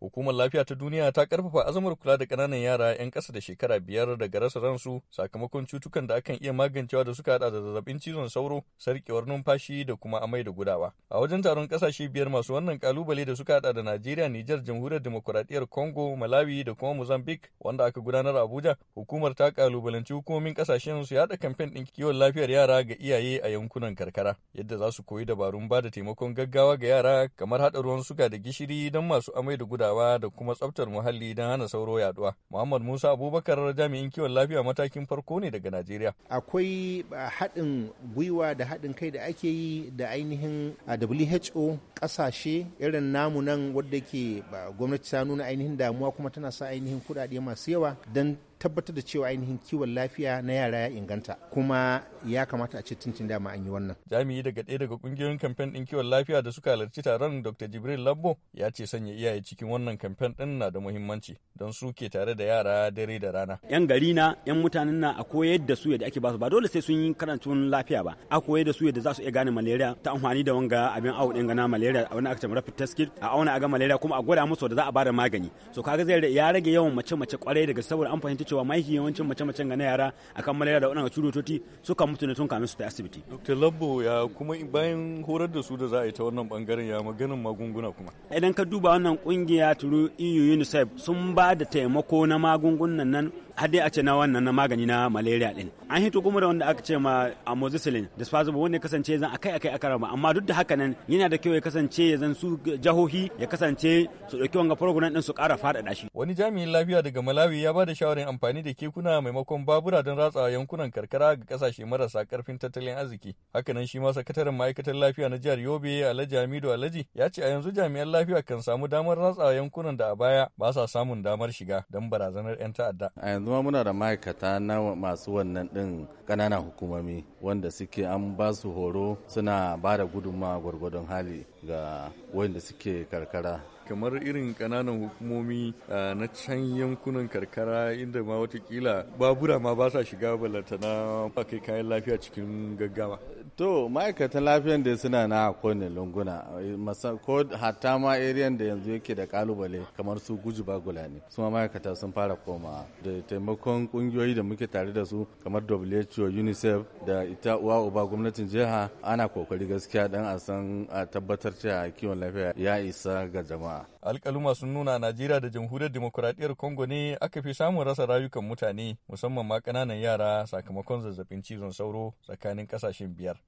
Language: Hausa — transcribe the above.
Hukumar Lafiya ta Duniya ta karfafa azumar kula da kananan yara 'yan ƙasa da shekara biyar daga rasa ransu sakamakon cutukan da akan iya magancewa da suka hada da zazzabin cizon sauro, sarkewar numfashi da kuma amai da gudawa. A wajen taron ƙasashe biyar masu wannan kalubale da suka hada da Najeriya, Nijar, Jamhuriyar Demokuraɗiyyar Congo, Malawi da kuma Mozambique wanda aka gudanar a Abuja, hukumar ta kalubalanci hukumomin ƙasashen su yaɗa kamfen ɗin kiwon lafiyar yara ga iyaye a yankunan karkara, yadda za su koyi dabarun ba da taimakon gaggawa ga yara kamar haɗa ruwan suga da gishiri don masu amai da gudawa. kulawa da kuma tsaftar muhalli don hana sauro yaduwa. Muhammad Musa Abubakar jami'in kiwon lafiya matakin farko ne daga Najeriya. Akwai uh, haɗin gwiwa da haɗin kai da ake yi da ainihin uh, WHO ƙasashe irin namu nan wadda ke uh, gwamnati ta nuna ainihin damuwa kuma tana sa ainihin kuɗaɗe masu yawa don tabbatar da cewa ainihin kiwon lafiya na yara ya inganta kuma ya kamata a ce tuntun dama an yi wannan. Jami'i daga ɗaya daga ƙungiyoyin kamfen ɗin kiwon lafiya da suka halarci taron Dr. Jibril Labbo ya ce sanya iyaye cikin wannan kamfen ɗin na da muhimmanci don su ke tare da yara dare da rana. 'Yan gari na 'yan mutanen na a koyar da su yadda ake basu ba dole sai sun yi karantun lafiya ba a koyar da su yadda za su iya gane malaria ta amfani da wanga abin awo ɗin gana malaria a wani aka ce rapid test kit a auna a ga malaria kuma a gwada musu da za a bada magani so kaga zai ya rage yawan mace-mace kwarai daga saboda an fahimci cewa mahi yawancin mace-macen ga na yara a akan malaria da toti su suka mutu ne tun kamin su ta asibiti. Dr. Labbo ya kuma bayan horar da su da za a yi ta wannan bangaren ya maganin magunguna kuma. Idan ka duba wannan kungiya turu EU UNICEF sun ba da taimako na magungunan nan har dai a ce na wannan na magani na malaria din an hito kuma da wanda aka ce ma amoxicillin disposable wanda ya kasance zan akai akai aka raba amma duk da haka nan yana da kyau ya kasance ya zan su jahohi ya kasance su dauki wanga program din su kara faɗaɗa shi wani jami'in lafiya daga Malawi ya ba da shawarin amfani da kekuna maimakon babura don ratsawa yankunan karkara ga kasashe marasa karfin tattalin arziki hakanan shi ma sakataren ma'aikatar lafiya na jihar Yobe Alhaji Hamidu Alhaji ya ce a yanzu jami'an lafiya kan samu damar ratsawa yankunan da a baya ba sa samun damar shiga don barazanar 'yan ta'adda yanzu muna da ma'aikata na masu wannan ɗin ƙananan hukumomi wanda suke an ba su horo suna ba da gudunmawa gwargwadon hali ga wanda suke karkara kamar irin kananan hukumomi na can yankunan karkara inda ma watakila babura ma ba sa shiga balatana kai kayan lafiya cikin gaggawa To ma'aikatan lafiyan da suna na kowane lunguna ko hatta ma ariyan da yanzu yake da kalubale kamar su guji bagula ne su ma'aikata sun fara koma da taimakon kungiyoyi da muke tare da su kamar WHO UNICEF da ita uwa uba gwamnatin jiha ana kokari gaskiya dan a san a tabbatar cewa kiwon lafiya ya isa ga jama'a. Alkaluma sun nuna Najeriya da Jamhuriyar Demokuraɗiyyar Congo ne aka fi samun rasa rayukan mutane musamman ma ƙananan yara sakamakon zazzabin cizon sauro tsakanin ƙasashen biyar.